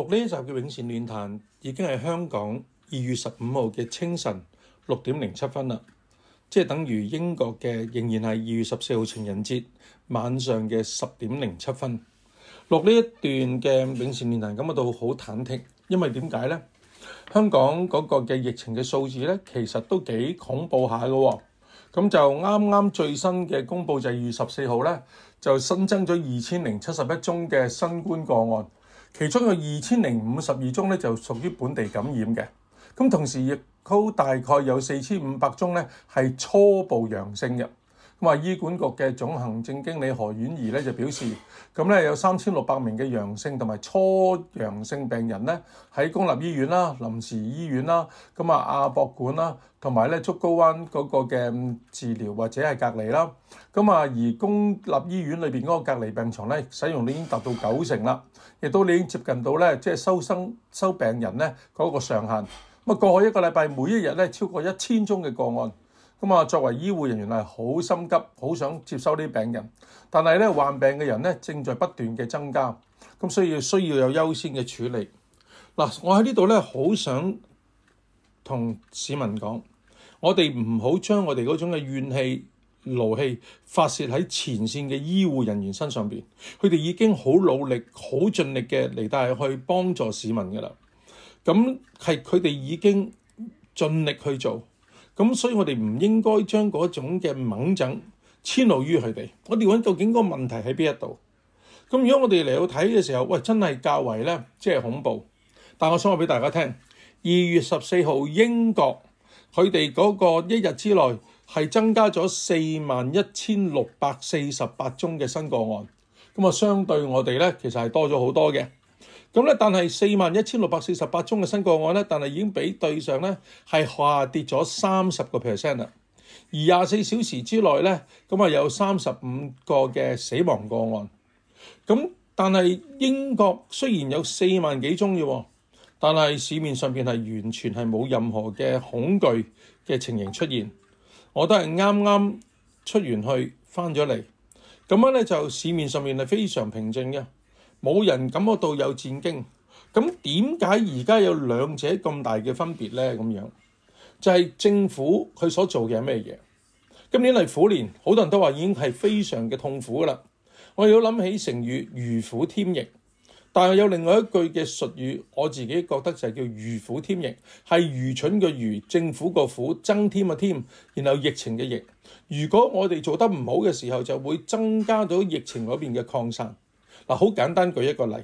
錄呢一集嘅《永善論壇》，已經係香港二月十五號嘅清晨六點零七分啦，即係等於英國嘅仍然係二月十四號情人節晚上嘅十點零七分。錄呢一段嘅《永善論壇》，感覺到好忐忑，因為點解咧？香港嗰個嘅疫情嘅數字咧，其實都幾恐怖下噶。咁就啱啱最新嘅公佈就係二月十四號咧，就新增咗二千零七十一宗嘅新冠個案。其中有二千零五十二宗呢，就屬於本地感染嘅，咁同時亦都大概有四千五百宗呢，係初步陽性嘅。咁啊，醫管局嘅總行政經理何婉儀咧就表示，咁咧有三千六百名嘅陽性同埋初陽性病人咧喺公立醫院啦、臨時醫院啦、咁啊亞博館啦，同埋咧竹篙灣嗰個嘅治療或者係隔離啦。咁啊，而公立醫院裏邊嗰個隔離病牀咧使用率已經達到九成啦，亦都已經接近到咧即係收生收病人咧嗰個上限。咁啊，過去一個禮拜每一日咧超過一千宗嘅個案。咁啊，作為醫護人員係好心急，好想接收啲病人，但係咧患病嘅人咧正在不斷嘅增加，咁所以需要有優先嘅處理。嗱，我喺呢度咧好想同市民講，我哋唔好將我哋嗰種嘅怨氣、勞氣發泄喺前線嘅醫護人員身上邊，佢哋已經好努力、好盡力嘅嚟，帶去幫助市民噶啦。咁係佢哋已經盡力去做。咁所以我，我哋唔應該將嗰種嘅猛症遷怒於佢哋。我哋揾究竟個問題喺邊一度？咁如果我哋嚟到睇嘅時候，喂，真係較為咧，即係恐怖。但我想話俾大家聽，二月十四號英國佢哋嗰個一日之內係增加咗四萬一千六百四十八宗嘅新個案。咁啊，相對我哋咧，其實係多咗好多嘅。咁咧，但係四萬一千六百四十八宗嘅新個案咧，但係已經比對上咧係下跌咗三十個 percent 啦。而廿四小時之內咧，咁啊有三十五個嘅死亡個案。咁但係英國雖然有四萬幾宗嘅喎，但係市面上面係完全係冇任何嘅恐懼嘅情形出現。我都係啱啱出完去翻咗嚟，咁樣咧就市面上面係非常平靜嘅。冇人感覺到有戰驚，咁點解而家有兩者咁大嘅分別呢？咁樣就係、是、政府佢所做嘅係咩嘢？今年嚟苦年，好多人都話已經係非常嘅痛苦㗎喇。我有諗起成語如虎添翼，但係有另外一句嘅俗語，我自己覺得就係叫愚府添疫，係愚蠢嘅愚，政府個府增添嘅添，然後疫情嘅疫。如果我哋做得唔好嘅時候，就會增加到疫情嗰邊嘅擴散。嗱，好簡單，舉一個例，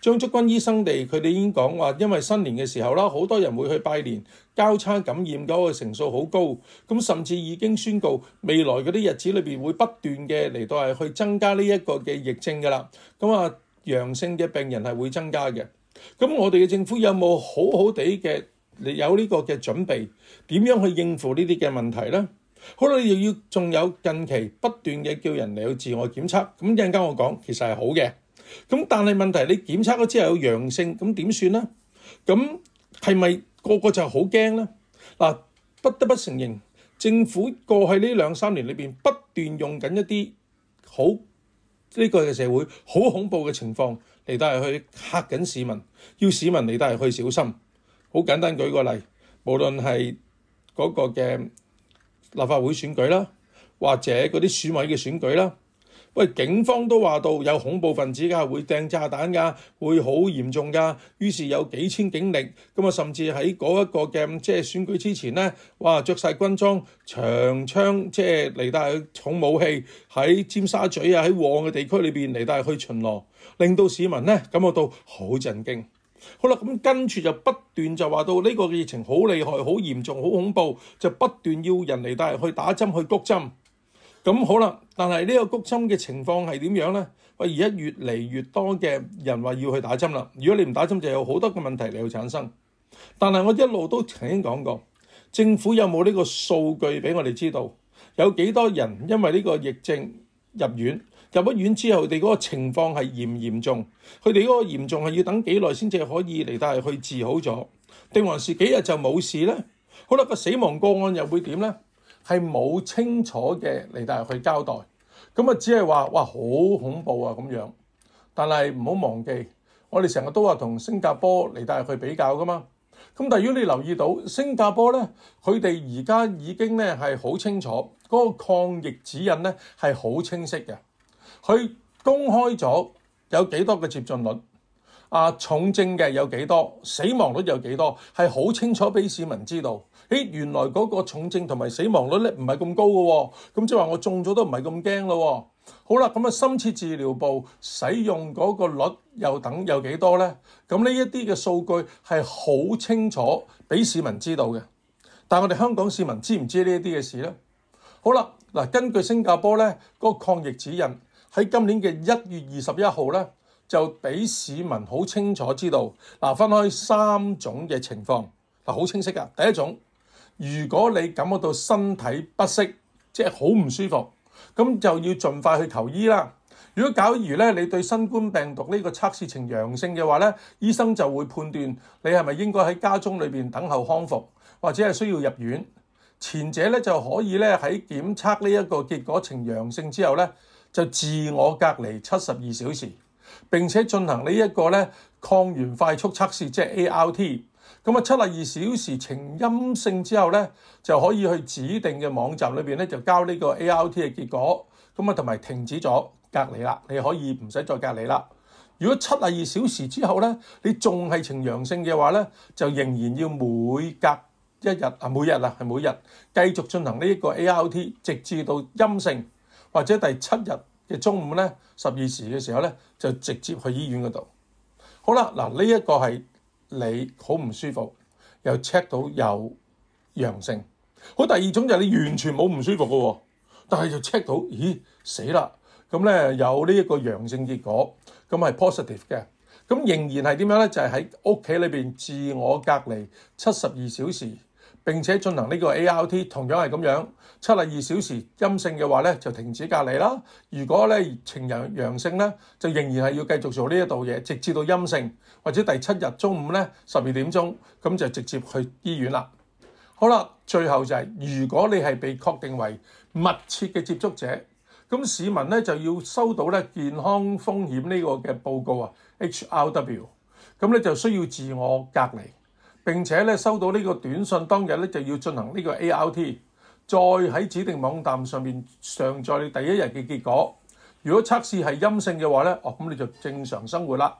張竹君醫生哋，佢哋已經講話，因為新年嘅時候啦，好多人會去拜年，交叉感染嗰個成數好高，咁甚至已經宣告未來嗰啲日子裏邊會不斷嘅嚟到係去增加呢一個嘅疫症㗎喇，咁啊陽性嘅病人係會增加嘅，咁我哋嘅政府有冇好好地嘅，有呢個嘅準備，點樣去應付呢啲嘅問題咧？好啦，又要仲有近期不斷嘅叫人嚟去自我檢測。咁陣間我講其實係好嘅，咁、嗯、但係問題你檢測咗之後有陽性，咁點算呢？咁係咪個個就好驚呢？嗱、啊，不得不承認，政府過去呢兩三年裏邊不斷用緊一啲好呢個嘅社會好恐怖嘅情況嚟都係去嚇緊市民，要市民嚟都係去小心。好簡單舉個例，無論係嗰個嘅立法會選舉啦，或者嗰啲選委嘅選舉啦。喂，警方都話到有恐怖分子㗎，梗係會掟炸彈㗎，會好嚴重㗎。於是有幾千警力咁啊，甚至喺嗰一個嘅即係選舉之前呢，哇，着晒軍裝、長槍，即係嚟到係重武器喺尖沙咀啊，喺旺嘅地區裏邊嚟到去巡邏，令到市民咧感覺到好震驚。好啦，咁跟住就不斷就話到呢個疫情好厲害、好嚴重、好恐怖，就不斷要人嚟帶去打針、去谷針。咁、嗯、好啦，但係呢個谷針嘅情況係點樣呢？喂，而家越嚟越多嘅人話要去打針啦。如果你唔打針，就有好多嘅問題你要產生。但係我一路都曾經講過，政府有冇呢個數據俾我哋知道，有幾多人因為呢個疫症入院？入咗院之後，佢哋嗰個情況係嚴唔嚴重？佢哋嗰個嚴重係要等幾耐先至可以嚟帶去治好咗，定還是幾日就冇事咧？好啦，個死亡個案又會點咧？係冇清楚嘅嚟帶去交代咁啊，只係話哇，好恐怖啊咁樣。但係唔好忘記，我哋成日都話同新加坡嚟帶去比較噶嘛。咁但係如果你留意到新加坡咧，佢哋而家已經咧係好清楚嗰個抗疫指引咧係好清晰嘅。佢公開咗有幾多嘅接種率啊？重症嘅有幾多？死亡率有幾多？係好清楚俾市民知道。誒，原來嗰個重症同埋死亡率咧唔係咁高嘅喎、哦，咁即係話我中咗都唔係咁驚咯。好啦，咁、嗯、啊深切治療部使用嗰個率又等有幾多咧？咁呢一啲嘅數據係好清楚俾市民知道嘅。但係我哋香港市民知唔知呢一啲嘅事咧？好啦，嗱、啊，根據新加坡咧嗰、那個抗疫指引。喺今年嘅一月二十一號咧，就俾市民好清楚知道嗱，分開三種嘅情況嗱，好清晰㗎。第一種，如果你感覺到身體不適，即係好唔舒服，咁就要盡快去求醫啦。如果假如咧你對新冠病毒呢個測試呈陽性嘅話咧，醫生就會判斷你係咪應該喺家中裏邊等候康復，或者係需要入院。前者咧就可以咧喺檢測呢一個結果呈陽性之後咧。就自我隔離七十二小時，並且進行呢一個咧抗原快速測試，即係 A R T。咁啊，七十二小時呈陰性之後咧，就可以去指定嘅網站裏邊咧就交呢個 A R T 嘅結果。咁啊，同埋停止咗隔離啦，你可以唔使再隔離啦。如果七十二小時之後咧，你仲係呈陽性嘅話咧，就仍然要每隔一日啊，每日啦，係每日繼續進行呢一個 A R T，直至到陰性。或者第七日嘅中午咧，十二時嘅時候咧，就直接去醫院嗰度。好啦，嗱呢一個係你好唔舒服，又 check 到有陽性。好，第二種就係你完全冇唔舒服嘅、哦，但係就 check 到，咦死啦！咁咧有呢一個陽性結果，咁係 positive 嘅。咁仍然係點樣咧？就係喺屋企裏邊自我隔離七十二小時。並且進行呢個 ART，同樣係咁樣，七十二小時陰性嘅話咧，就停止隔離啦。如果咧呈陽陽性咧，就仍然係要繼續做呢一度嘢，直至到陰性或者第七日中午咧，十二點鐘，咁就直接去醫院啦。好啦，最後就係如果你係被確定為密切嘅接觸者，咁市民咧就要收到咧健康風險呢個嘅報告啊，HRW，咁咧就需要自我隔離。並且咧收到呢個短信當日咧就要進行呢個 A R T，再喺指定網站上面上載你第一日嘅結果。如果測試係陰性嘅話咧，哦咁你就正常生活啦。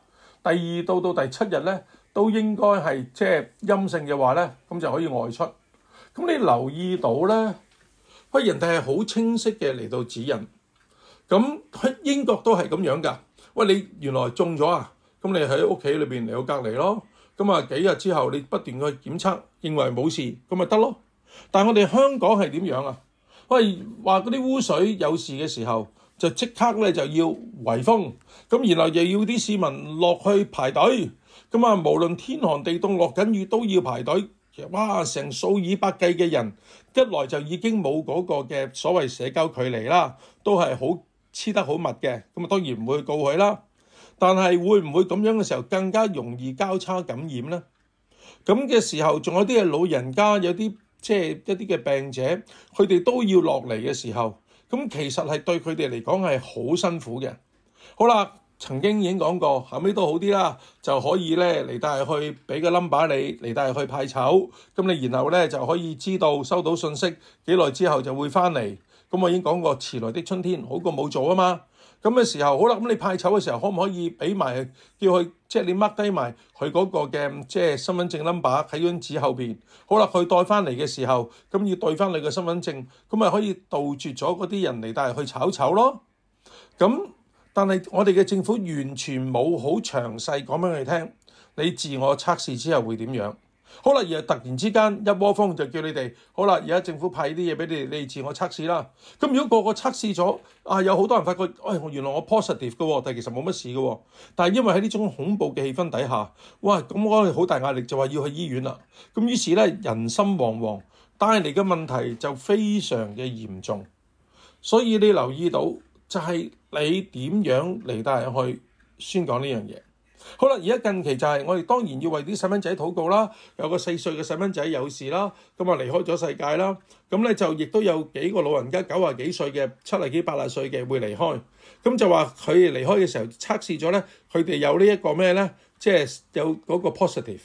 第二到到第七日咧都應該係即係陰性嘅話咧，咁就可以外出。咁你留意到咧，喂，人哋係好清晰嘅嚟到指引。咁喺英國都係咁樣㗎。喂，你原來中咗啊？咁你喺屋企裏邊嚟到隔離咯。咁啊幾日之後你不斷去檢測，認為冇事咁咪得咯？但係我哋香港係點樣啊？喂，話嗰啲污水有事嘅時候，就即刻咧就要圍封，咁然後又要啲市民落去排隊，咁啊無論天寒地凍落緊雨都要排隊，其實哇成數以百計嘅人一來就已經冇嗰個嘅所謂社交距離啦，都係好黐得好密嘅，咁啊當然唔會告佢啦。但係會唔會咁樣嘅時候更加容易交叉感染呢？咁嘅時候仲有啲係老人家，有啲即係一啲嘅病者，佢哋都要落嚟嘅時候，咁其實係對佢哋嚟講係好辛苦嘅。好啦，曾經已經講過，後尾都好啲啦，就可以咧嚟帶去俾個 number 你，嚟帶去派籌，咁你然後咧就可以知道收到信息幾耐之後就會翻嚟。咁我已經講過，遲來的春天好過冇做啊嘛。咁嘅時候，好啦，咁你派籌嘅時候，可唔可以俾埋叫佢，即係你 mark 低埋佢嗰個嘅即係身份證 number 喺張紙後邊。好啦，佢帶翻嚟嘅時候，咁要對翻你嘅身份證，咁咪可以杜絕咗嗰啲人嚟帶去炒籌咯。咁但係我哋嘅政府完全冇好詳細講俾佢聽，你自我測試之後會點樣？好啦，而係突然之間一窩蜂就叫你哋，好啦，而家政府派啲嘢俾你，你自我測試啦。咁如果個個測試咗，啊有好多人發覺，唉、哎、原來我 positive 嘅喎、哦，但係其實冇乜事嘅喎、哦。但係因為喺呢種恐怖嘅氣氛底下，哇咁我係好大壓力，就話要去醫院啦。咁於是咧人心惶惶，帶嚟嘅問題就非常嘅嚴重。所以你留意到，就係、是、你點樣嚟帶人去宣講呢樣嘢。好啦，而家近期就係、是、我哋當然要為啲細蚊仔禱告啦。有個四歲嘅細蚊仔有事啦，咁啊離開咗世界啦。咁咧就亦都有幾個老人家九啊幾歲嘅、七十幾八十歲嘅會離開。咁就話佢哋離開嘅時候測試咗咧，佢哋有呢一個咩咧？即係有嗰個 positive。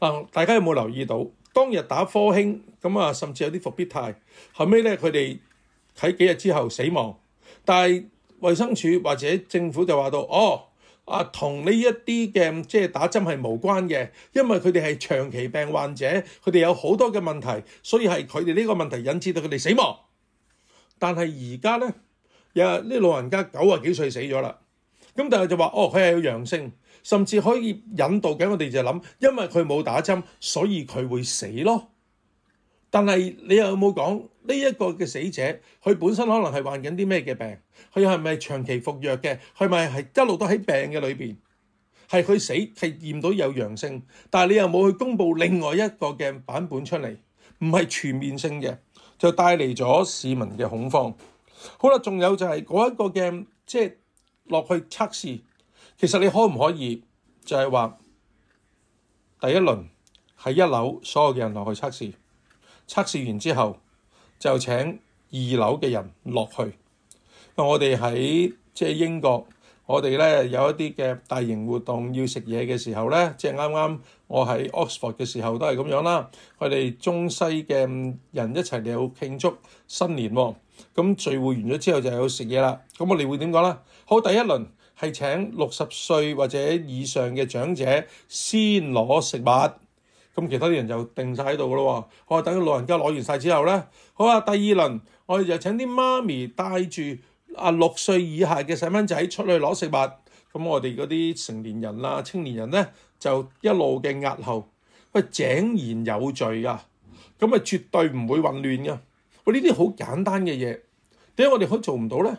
嗱，大家有冇留意到？當日打科興咁啊，甚至有啲復必泰，後尾咧佢哋喺幾日之後死亡。但係衛生署或者政府就話到，哦。啊，同呢一啲嘅即係打針係無關嘅，因為佢哋係長期病患者，佢哋有好多嘅問題，所以係佢哋呢個問題引致到佢哋死亡。但係而家咧有啲老人家九啊幾歲死咗啦，咁但係就話哦，佢係有陽性，甚至可以引導緊我哋就諗，因為佢冇打針，所以佢會死咯。但係你有冇講？呢一個嘅死者，佢本身可能係患緊啲咩嘅病？佢係咪長期服藥嘅？佢咪係一路都喺病嘅裏邊？係佢死係驗到有陽性，但係你又冇去公佈另外一個嘅版本出嚟，唔係全面性嘅，就帶嚟咗市民嘅恐慌。好啦，仲有就係嗰一個嘅，即係落去測試。其實你可唔可以就係話第一輪喺一樓所有嘅人落去測試，測試完之後？就請二樓嘅人落去。我哋喺即係英國，我哋咧有一啲嘅大型活動要食嘢嘅時候咧，即係啱啱我喺 Oxford 嘅時候都係咁樣啦。佢哋中西嘅人一齊嚟慶祝新年喎、哦。咁聚會完咗之後就有食嘢啦。咁我哋會點講咧？好，第一輪係請六十歲或者以上嘅長者先攞食物。咁其他啲人就定晒喺度㗎咯喎，我哋等老人家攞完晒之後咧，好啦，第二輪我哋就請啲媽咪帶住阿六歲以下嘅細蚊仔出去攞食物，咁、嗯、我哋嗰啲成年人啦、青年人咧就一路嘅押後，喂，井然有序㗎，咁啊絕對唔會混亂㗎。喂，呢啲好簡單嘅嘢，點解我哋可以做唔到咧？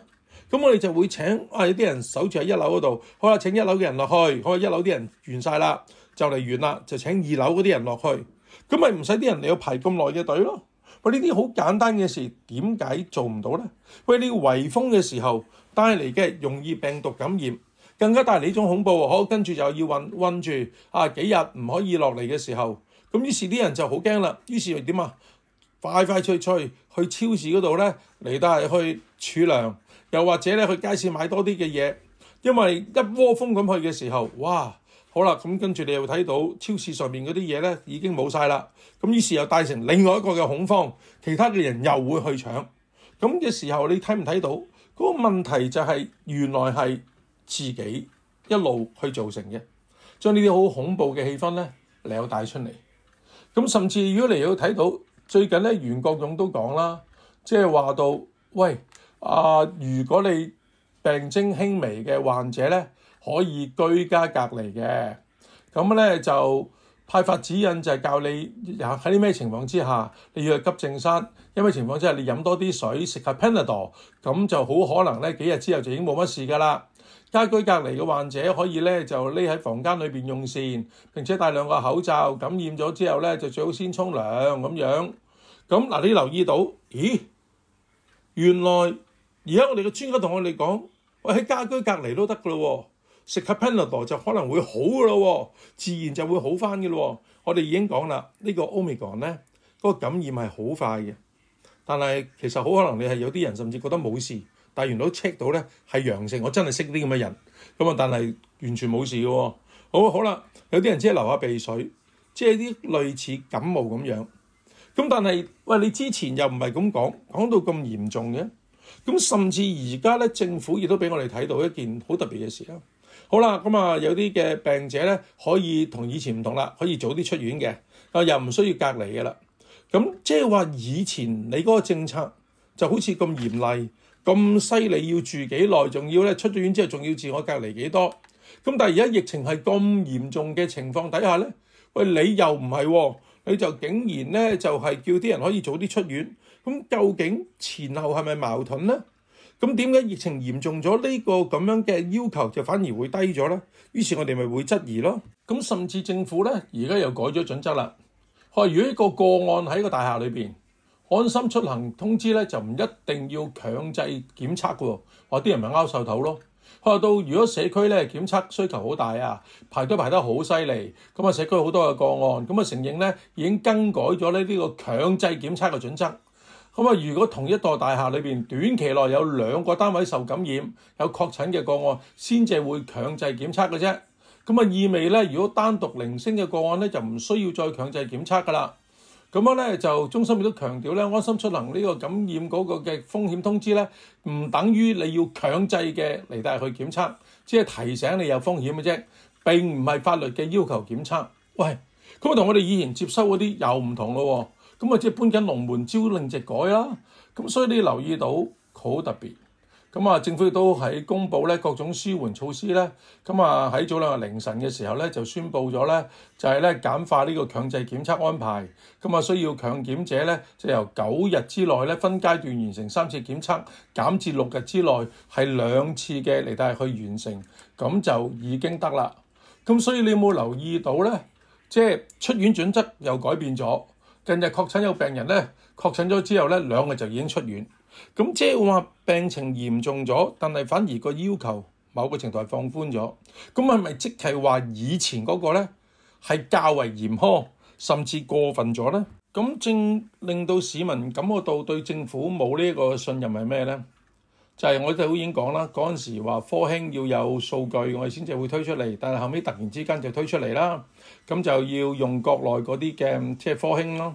咁、嗯、我哋就會請啊有啲人守住喺一樓嗰度，好啦，請一樓嘅人落去，好啊，一樓啲人完晒啦。就嚟完啦，就請二樓嗰啲人落去，咁咪唔使啲人嚟要排咁耐嘅隊咯。喂，呢啲好簡單嘅事，點解做唔到呢？喂，呢啲圍封嘅時候帶嚟嘅容易病毒感染，更加帶嚟呢種恐怖。好，跟住又要困困住啊幾日唔可以落嚟嘅時候，咁於是啲人就好驚啦。於是點啊？快快脆脆去，去，去超市嗰度呢，嚟，但係去儲糧，又或者咧去街市買多啲嘅嘢，因為一窩蜂咁去嘅時候，哇！好啦，咁跟住你又睇到超市上面嗰啲嘢呢，已經冇晒啦，咁於是又帶成另外一個嘅恐慌，其他嘅人又會去搶。咁嘅時候你睇唔睇到嗰個問題就係、是、原來係自己一路去造成嘅，將呢啲好恐怖嘅氣氛呢，你撩帶出嚟。咁甚至如果你有睇到最近呢，袁國勇都講啦，即係話到喂啊，如果你病徵輕微嘅患者呢。」可以居家隔離嘅，咁咧就派發指引就係教你喺啲咩情況之下你要去急症室，因咩情況之下，你飲多啲水，食下 Panadol，咁就好可能咧幾日之後就已經冇乜事㗎啦。家居隔離嘅患者可以咧就匿喺房間裏邊用膳，並且戴兩個口罩，感染咗之後咧就最好先沖涼咁樣。咁嗱，你留意到，咦，原來而家我哋嘅專家同我哋講，我喺家居隔離都得㗎咯喎。食下 Panadol 就可能會好㗎啦，自然就會好翻㗎啦。我哋已經講啦，這個、呢個 Omicron 咧，嗰、那個感染係好快嘅。但係其實好可能你係有啲人甚至覺得冇事，但原來 check 到咧係陽性。我真係識啲咁嘅人咁啊，但係完全冇事喎。好好啦，有啲人即係流下鼻水，即係啲類似感冒咁樣。咁但係喂，你之前又唔係咁講，講到咁嚴重嘅。咁甚至而家咧，政府亦都俾我哋睇到一件好特別嘅事啦。好啦，咁啊有啲嘅病者咧可以同以前唔同啦，可以早啲出院嘅，啊又唔需要隔離嘅啦。咁即係話以前你嗰個政策就好似咁嚴厲、咁犀利，要住幾耐，仲要咧出咗院之後仲要自我隔離幾多。咁但係而家疫情係咁嚴重嘅情況底下咧，喂你又唔係喎，你就竟然咧就係叫啲人可以早啲出院。咁究竟前後係咪矛盾咧？咁點解疫情嚴重咗呢、呢個咁樣嘅要求就反而會低咗咧？於是我哋咪會質疑咯。咁甚至政府咧，而家又改咗準則啦。話如果一個個案喺個大廈裏邊安心出行通知咧，就唔一定要強制檢測嘅喎。話啲人咪拗手頭咯。話到如果社區咧檢測需求好大啊，排隊排得好犀利，咁啊社區好多嘅個案，咁啊承認咧已經更改咗咧呢個強制檢測嘅準則。咁啊，如果同一座大廈裏邊短期內有兩個單位受感染、有確診嘅個案，先至會強制檢測嘅啫。咁啊，意味咧，如果單獨零星嘅個案咧，就唔需要再強制檢測噶啦。咁樣咧，就中心亦都強調咧，安心出行呢個感染嗰個嘅風險通知咧，唔等於你要強制嘅嚟帶去檢測，只係提醒你有風險嘅啫，並唔係法律嘅要求檢測。喂，咁啊，同我哋以前接收嗰啲又唔同咯喎。咁啊！即係搬緊龍門，朝令夕改啦。咁所以你留意到好特別。咁啊，政府亦都喺公佈咧各種舒緩措施咧。咁啊，喺早兩日凌晨嘅時候咧就宣布咗咧，就係咧簡化呢個強制檢測安排。咁啊，需要強檢者咧，就由九日之內咧分階段完成三次檢測，減至六日之內係兩次嘅嚟，帶去完成咁就已經得啦。咁所以你有冇留意到咧？即係出院準則又改變咗。近日確診有病人呢，確診咗之後呢，兩個就已經出院。咁即係話病情嚴重咗，但係反而個要求某個程度係放寬咗。咁係咪即係話以前嗰個呢係較為嚴苛，甚至過分咗呢？咁正令到市民感覺到對政府冇呢一個信任係咩呢？就係我哋好已經講啦，嗰陣時話科興要有數據，我哋先至會推出嚟。但係後尾突然之間就推出嚟啦，咁就要用國內嗰啲嘅即係科興咯。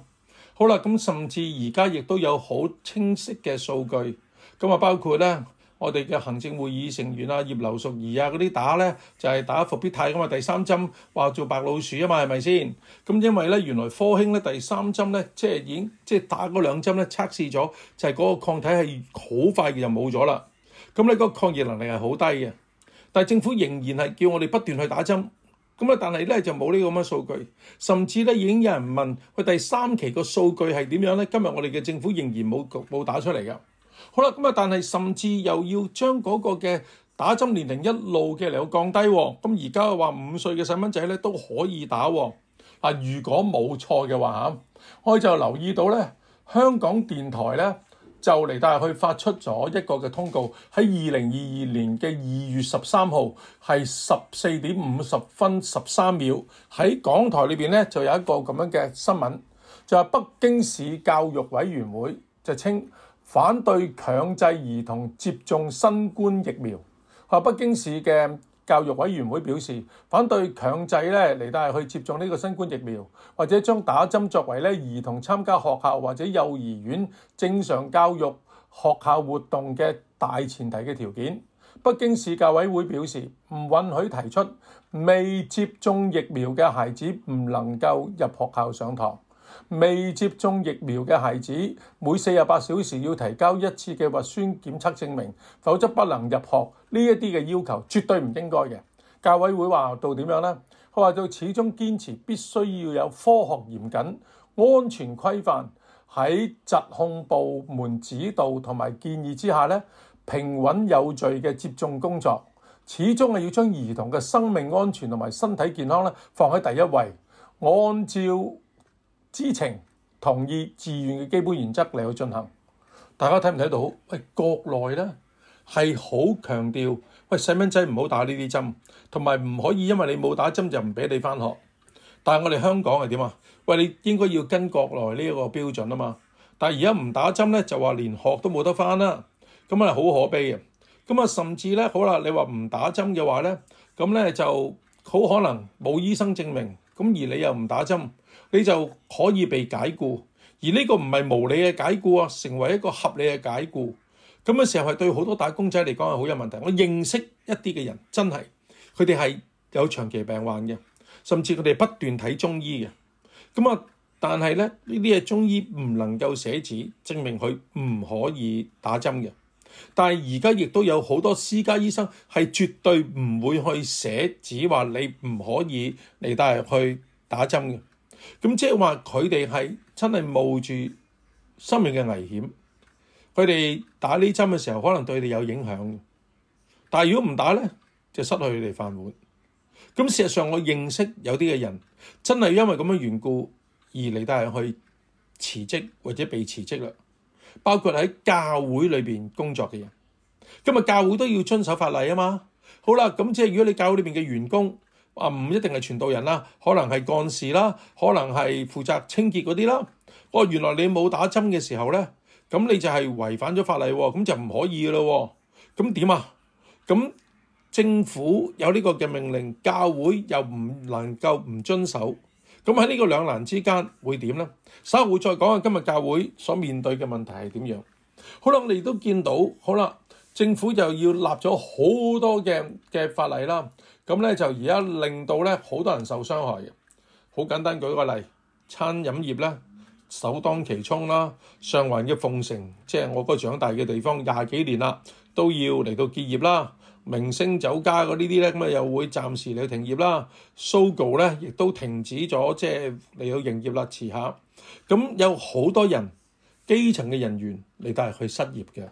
好啦，咁甚至而家亦都有好清晰嘅數據，咁啊包括咧。我哋嘅行政會議成員啊，葉劉淑儀啊嗰啲打咧，就係打復必泰㗎嘛。第三針話做白老鼠啊嘛，係咪先？咁因為咧，原來科興咧第三針咧，即係已經即係打嗰兩針咧，測試咗就係嗰個抗體係好快嘅，就冇咗啦。咁咧嗰抗疫能力係好低嘅，但係政府仍然係叫我哋不斷去打針。咁咧，但係咧就冇呢個咁嘅數據，甚至咧已經有人問佢第三期個數據係點樣咧？今日我哋嘅政府仍然冇冇打出嚟嘅。好啦，咁啊，但係甚至又要將嗰個嘅打針年齡一路嘅嚟到降低，咁而家話五歲嘅細蚊仔咧都可以打喎、啊。如果冇錯嘅話嚇，我就留意到咧，香港電台咧就嚟到係去發出咗一個嘅通告，喺二零二二年嘅二月十三號係十四點五十分十三秒喺港台裏邊咧就有一個咁樣嘅新聞，就話、係、北京市教育委員會就稱。反對強制兒童接種新冠疫苗。北京市嘅教育委員會表示，反對強制咧嚟帶去接種呢個新冠疫苗，或者將打針作為咧兒童參加學校或者幼兒園正常教育學校活動嘅大前提嘅條件。北京市教委會表示，唔允許提出未接種疫苗嘅孩子唔能夠入學校上堂。未接種疫苗嘅孩子每四十八小時要提交一次嘅核酸檢測證明，否則不能入學。呢一啲嘅要求絕對唔應該嘅。教委會話到點樣呢？佢話到始終堅持必須要有科學嚴謹、安全規範，喺疾控部門指導同埋建議之下咧，平穩有序嘅接種工作。始終係要將兒童嘅生命安全同埋身體健康咧放喺第一位，按照知情同意自願嘅基本原則嚟去進行，大家睇唔睇到？喂，國內咧係好強調，喂細蚊仔唔好打呢啲針，同埋唔可以因為你冇打針就唔俾你返學。但係我哋香港係點啊？喂，你應該要跟國內呢個標準啊嘛。但係而家唔打針咧，就話連學都冇得返啦。咁啊，好可悲啊！咁啊，甚至咧，好啦，你話唔打針嘅話咧，咁咧就好可能冇醫生證明，咁而你又唔打針。你就可以被解雇，而呢個唔係無理嘅解雇啊，成為一個合理嘅解雇咁啊。成日係對好多打工仔嚟講係好有問題。我認識一啲嘅人，真係佢哋係有長期病患嘅，甚至佢哋不斷睇中醫嘅。咁啊，但係咧呢啲嘢中醫唔能夠寫字證明佢唔可以打針嘅。但係而家亦都有好多私家醫生係絕對唔會去寫字話你唔可以嚟帶去打針嘅。咁即係話佢哋係真係冒住生命嘅危險，佢哋打呢針嘅時候可能對你有影響，但係如果唔打咧，就失去佢哋飯碗。咁事實上我認識有啲嘅人真係因為咁樣緣故而離帶去辭職或者被辭職啦，包括喺教會裏邊工作嘅人。咁啊，教會都要遵守法例啊嘛好。好啦，咁即係如果你教會裏邊嘅員工。啊，唔一定係傳道人啦，可能係幹事啦，可能係負責清潔嗰啲啦。哦、啊，原來你冇打針嘅時候咧，咁你就係違反咗法例喎，咁就唔可以咯。咁點啊？咁政府有呢個嘅命令，教會又唔能夠唔遵守。咁喺呢個兩難之間會點咧？稍後會再講下今日教會所面對嘅問題係點樣。好啦，我哋都見到，好啦，政府又要立咗好多嘅嘅法例啦。咁咧就而家令到咧好多人受傷害嘅，好簡單舉個例，餐飲業咧首當其衝啦，上環嘅鳳城，即係我嗰個長大嘅地方，廿幾年啦都要嚟到結業啦，明星酒家嗰呢啲咧咁啊又會暫時嚟到停業啦，Sogo 咧亦都停止咗即係嚟到營業啦，遲下，咁有好多人基層嘅人員嚟到係去失業嘅。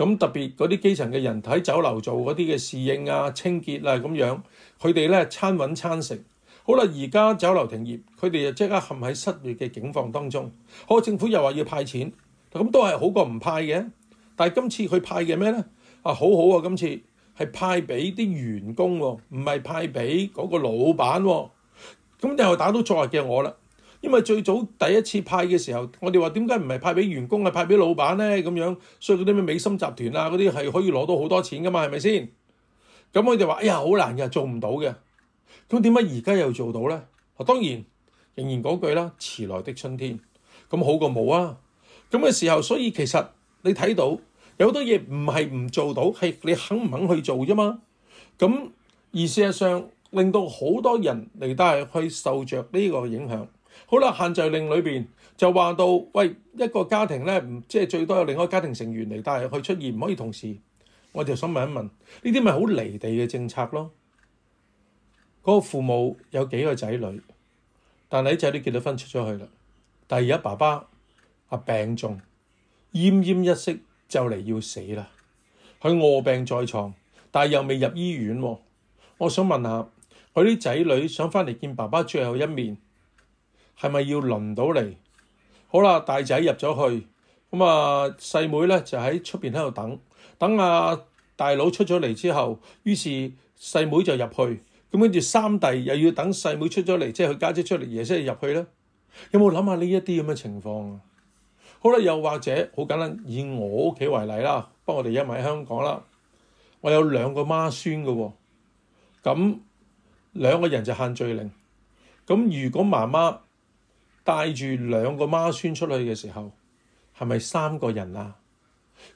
咁特別嗰啲基層嘅人喺酒樓做嗰啲嘅侍應啊、清潔啊咁樣，佢哋咧餐揾餐食。好啦，而家酒樓停業，佢哋又即刻陷喺失業嘅境況當中。好，政府又話要派錢，咁都係好過唔派嘅。但係今次佢派嘅咩咧？啊，好好啊！今次係派俾啲員工喎、啊，唔係派俾嗰個老闆喎、啊。咁又打到昨日嘅我啦。因為最早第一次派嘅時候，我哋話點解唔係派俾員工啊？係派俾老闆呢？咁樣，所以嗰啲咩美心集團啊嗰啲係可以攞到好多錢㗎嘛？係咪先？咁我哋話哎呀好難嘅，做唔到嘅。咁點解而家又做到呢？當然仍然嗰句啦，遲來的春天咁、嗯、好過冇啊。咁嘅時候，所以其實你睇到有好多嘢唔係唔做到，係你肯唔肯去做啫嘛。咁、嗯、而事實上令到好多人嚟都係去受着呢個影響。好啦，限制令裏邊就話到，喂，一個家庭咧，即係最多有另外一個家庭成員嚟，但係佢出現唔可以同時。我就想問一問，呢啲咪好離地嘅政策咯？嗰個父母有幾個仔女，但係啲仔女結咗婚出咗去啦。第二日爸爸啊病重奄奄一息，就嚟要死啦。佢卧病在床，但係又未入醫院、啊。我想問下，佢啲仔女想翻嚟見爸爸最後一面。係咪要輪到嚟？好啦，大仔入咗去，咁啊細妹咧就喺出邊喺度等，等啊大佬出咗嚟之後，於是細妹就入去，咁跟住三弟又要等細妹出咗嚟，即係佢家姐出嚟，爺先入去咧。有冇諗下呢一啲咁嘅情況啊？好啦，又或者好簡單，以我屋企為例啦，不過我哋而家咪喺香港啦，我有兩個孖孫嘅喎，咁兩個人就限聚令，咁如果媽媽，帶住兩個孖孫出去嘅時候，係咪三個人啊？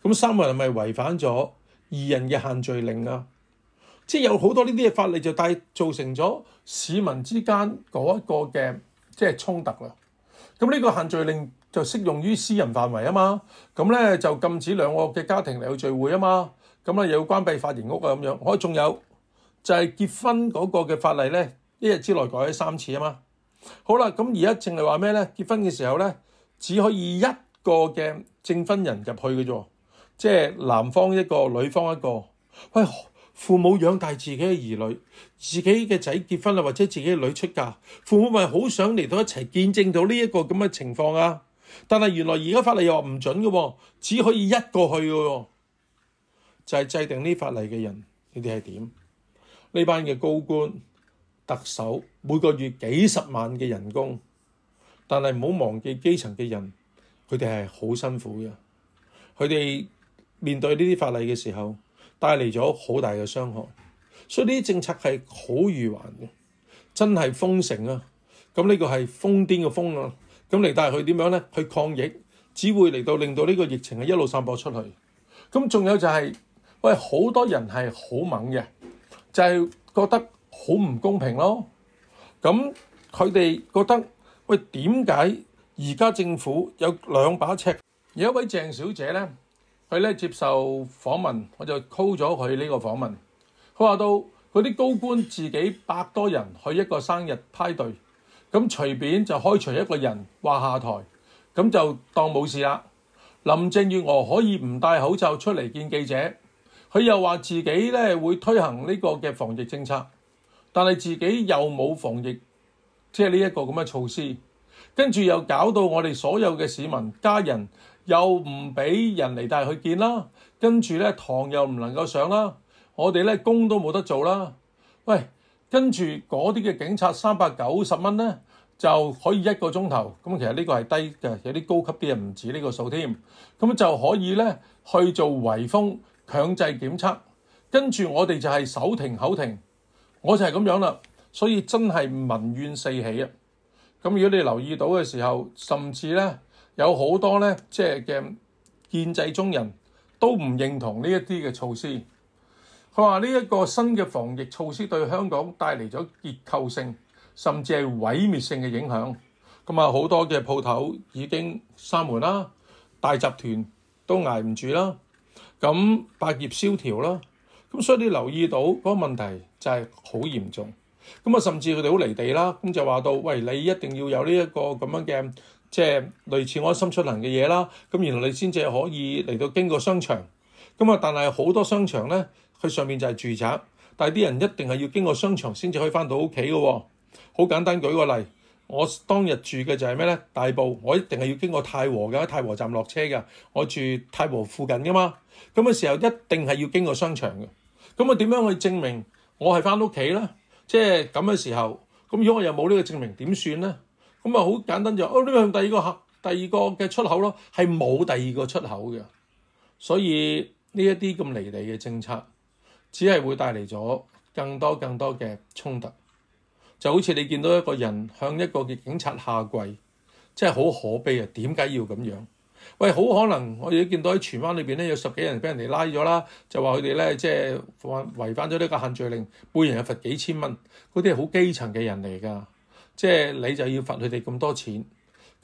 咁三個人係咪違反咗二人嘅限聚令啊？即係有好多呢啲嘅法例就帶造成咗市民之間嗰一個嘅即係衝突啦。咁呢個限聚令就適用於私人範圍啊嘛。咁咧就禁止兩個嘅家庭嚟去聚會啊嘛。咁啊又要關閉髮型屋啊咁樣。我仲有就係結婚嗰個嘅法例咧，一日之內改咗三次啊嘛。好啦，咁而家淨係話咩咧？結婚嘅時候咧，只可以一個嘅證婚人入去嘅啫，即係男方一個、女方一個。喂，父母養大自己嘅兒女，自己嘅仔結婚啦，或者自己嘅女出嫁，父母咪好想嚟到一齊見證到呢一個咁嘅情況啊！但係原來而家法例又話唔准嘅，只可以一個去嘅，就係制定呢法例嘅人，你哋係點？呢班嘅高官。特首每個月幾十萬嘅人工，但係唔好忘記基層嘅人，佢哋係好辛苦嘅。佢哋面對呢啲法例嘅時候，帶嚟咗好大嘅傷害。所以呢啲政策係好愚頑嘅，真係封城啊！咁呢個係瘋癲嘅瘋啊！咁嚟帶去點樣咧？去抗疫，只會嚟到令到呢個疫情係一路散播出去。咁仲有就係、是，喂，好多人係好猛嘅，就係、是、覺得。好唔公平咯！咁佢哋覺得，喂，點解而家政府有兩把尺？有一位鄭小姐呢，佢呢接受訪問，我就 call 咗佢呢個訪問。佢話到嗰啲高官自己百多人去一個生日派對，咁隨便就開除一個人話下台，咁就當冇事啦。林鄭月娥可以唔戴口罩出嚟見記者，佢又話自己呢會推行呢個嘅防疫政策。但係自己又冇防疫，即係呢一個咁嘅措施，跟住又搞到我哋所有嘅市民家人又唔俾人嚟帶去見啦，跟住咧堂又唔能夠上啦，我哋咧工都冇得做啦。喂，跟住嗰啲嘅警察三百九十蚊咧就可以一個鐘頭，咁、嗯、其實呢個係低嘅，有啲高級啲人唔止呢個數添，咁、嗯、就可以咧去做圍封強制檢測，跟住我哋就係手停口停。我就係咁樣啦，所以真係民怨四起啊！咁如果你留意到嘅時候，甚至咧有好多咧即係嘅建制中人都唔認同呢一啲嘅措施。佢話呢一個新嘅防疫措施對香港帶嚟咗結構性，甚至係毀滅性嘅影響。咁啊，好多嘅鋪頭已經閂門啦，大集團都捱唔住啦，咁百業蕭條啦。咁所以你留意到嗰個問題就係好嚴重。咁啊，甚至佢哋好離地啦，咁就話到喂，你一定要有呢一個咁樣嘅即係類似安心出行嘅嘢啦。咁原來你先至可以嚟到經過商場。咁啊，但係好多商場咧，佢上面就係住宅，但係啲人一定係要經過商場先至可以翻到屋企嘅喎。好簡單，舉個例，我當日住嘅就係咩咧？大埔，我一定係要經過太和嘅，喺太和站落車嘅。我住太和附近噶嘛。咁嘅時候一定係要經過商場嘅。咁啊，點樣去證明我係翻屋企咧？即係咁嘅時候，咁如果我又冇呢個證明，點算咧？咁啊，好簡單就是、哦，呢個第二個客，第二個嘅出口咯，係冇第二個出口嘅。所以呢一啲咁離地嘅政策，只係會帶嚟咗更多更多嘅衝突。就好似你見到一個人向一個嘅警察下跪，即係好可悲啊！點解要咁樣？喂，好可能我哋都見到喺荃灣裏邊咧，有十幾人俾人哋拉咗啦，就話佢哋咧即係違反咗呢個限聚令，每人又罰幾千蚊，嗰啲係好基層嘅人嚟㗎，即係你就要罰佢哋咁多錢。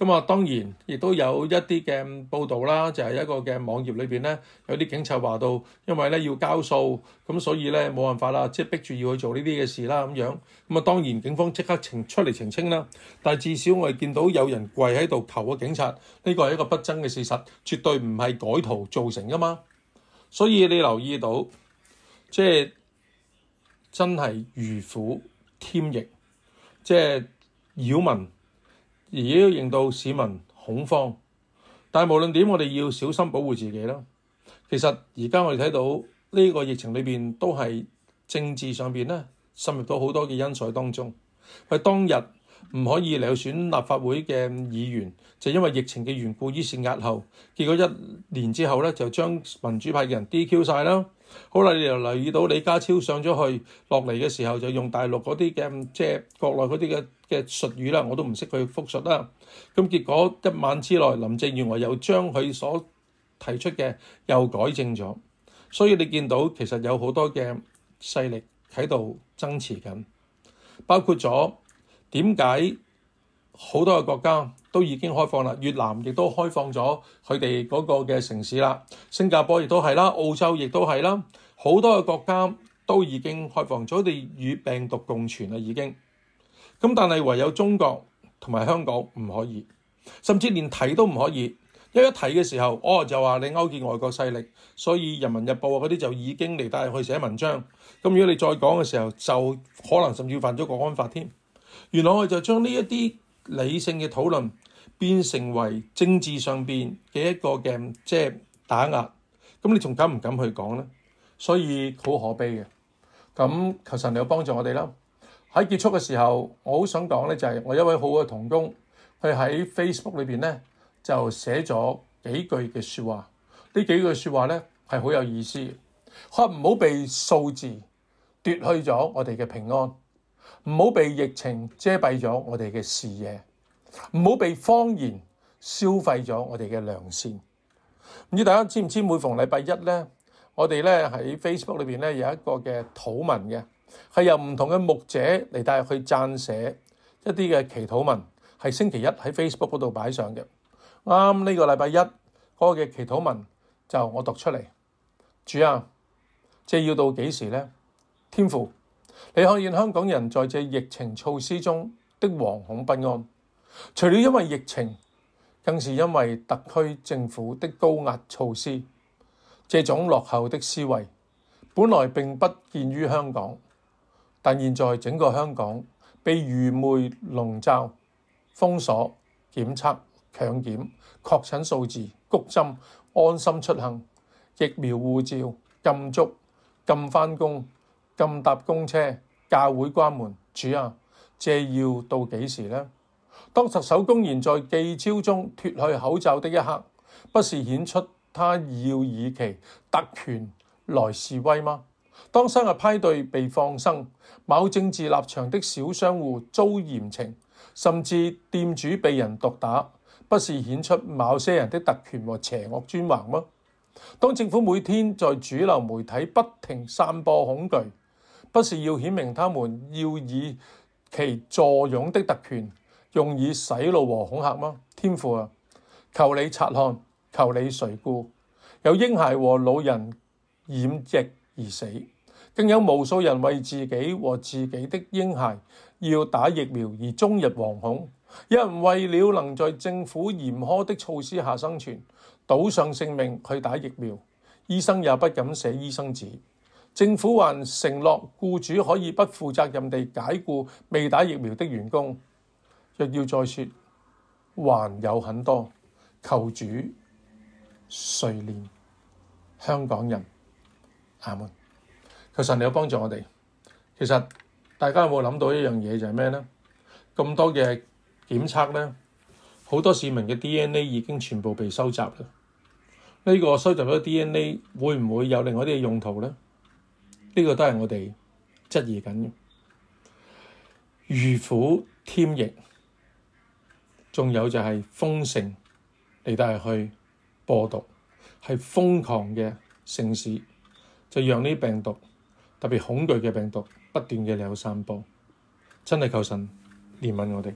咁啊，當然亦都有一啲嘅報導啦，就係一個嘅網頁裏邊咧，有啲警察話到，因為咧要交數，咁所以咧冇辦法啦，即係逼住要去做呢啲嘅事啦咁樣。咁啊，當然警方即刻出嚟澄清啦，但係至少我哋見到有人跪喺度求個警察，呢個係一個不爭嘅事實，絕對唔係改圖造成噶嘛。所以你留意到，即係真係如虎添翼，即係擾民。而要令到市民恐慌，但係無論點，我哋要小心保護自己啦。其實而家我哋睇到呢、這個疫情裏邊都係政治上邊咧，深入到好多嘅因素當中。佢當日唔可以嚟到選立法會嘅議員，就係、因為疫情嘅緣故，於是壓後。結果一年之後咧，就將民主派嘅人 DQ 晒啦。好啦，你又留意到李家超上咗去落嚟嘅時候，就用大陸嗰啲嘅即係國內嗰啲嘅嘅術語啦，我都唔識佢復述啦。咁結果一晚之內，林鄭月娥又將佢所提出嘅又改正咗。所以你見到其實有好多嘅勢力喺度爭持緊，包括咗點解？好多個國家都已經開放啦，越南亦都開放咗佢哋嗰個嘅城市啦，新加坡亦都係啦，澳洲亦都係啦，好多嘅國家都已經開放咗，佢哋與病毒共存啦已經。咁但係唯有中國同埋香港唔可以，甚至連睇都唔可以，因為一睇嘅時候，哦就話你勾結外國勢力，所以《人民日報》啊嗰啲就已經嚟帶去寫文章。咁如果你再講嘅時候，就可能甚至犯咗《國安法》添。原來我就將呢一啲。理性嘅討論變成為政治上邊嘅一個嘅即係打壓，咁你仲敢唔敢去講咧？所以好可悲嘅。咁求神你有幫助我哋啦！喺結束嘅時候，我好想講咧、就是，就係我一位好嘅同工，佢喺 Facebook 裏邊咧就寫咗幾句嘅説話。呢幾句説話咧係好有意思，可唔好被數字奪去咗我哋嘅平安。唔好被疫情遮蔽咗我哋嘅視野，唔好被謊言消費咗我哋嘅良善。唔知大家知唔知每逢禮拜一咧，我哋咧喺 Facebook 裏邊咧有一個嘅禱文嘅，係由唔同嘅牧者嚟帶入去撰寫一啲嘅祈禱文，係星期一喺 Facebook 嗰度擺上嘅。啱、嗯、呢、這個禮拜一嗰、那個嘅祈禱文就我讀出嚟，主啊，即係要到幾時咧？天父。你可見香港人在這疫情措施中的惶恐不安，除了因為疫情，更是因為特區政府的高壓措施。這種落後的思維本來並不見於香港，但現在整個香港被愚昧籠罩、封鎖檢測、強檢確診數字、谷針、安心出行、疫苗護照、禁足、禁翻工。禁搭公車，教會關門，主啊，這要到幾時呢？當十手公然在記招中脱去口罩的一刻，不是顯出他要以其特權來示威嗎？當生日派對被放生，某政治立場的小商戶遭嚴懲，甚至店主被人毒打，不是顯出某些人的特權和邪惡專橫嗎？當政府每天在主流媒體不停散播恐懼，不是要顯明他們要以其坐擁的特權用以洗腦和恐嚇嗎？天父啊，求你察看，求你垂顧，有嬰孩和老人染疫而死，更有無數人為自己和自己的嬰孩要打疫苗而終日惶恐。有人為了能在政府嚴苛的措施下生存，賭上性命去打疫苗，醫生也不敢寫醫生紙。政府還承諾，僱主可以不負責任地解雇未打疫苗的員工。若要再説，還有很多求主垂念香港人。阿門，其實神嚟幫助我哋。其實大家有冇諗到一樣嘢？就係咩呢？咁多嘅檢測呢，好多市民嘅 DNA 已經全部被收集啦。呢、呢個收集咗 DNA 會唔會有另外啲用途呢？呢個都係我哋質疑緊，愚府添疫，仲有就係封城你都係去播毒，係瘋狂嘅城市，就讓呢啲病毒，特別恐懼嘅病毒不斷嘅嚟到散播，真係求神憐憫我哋。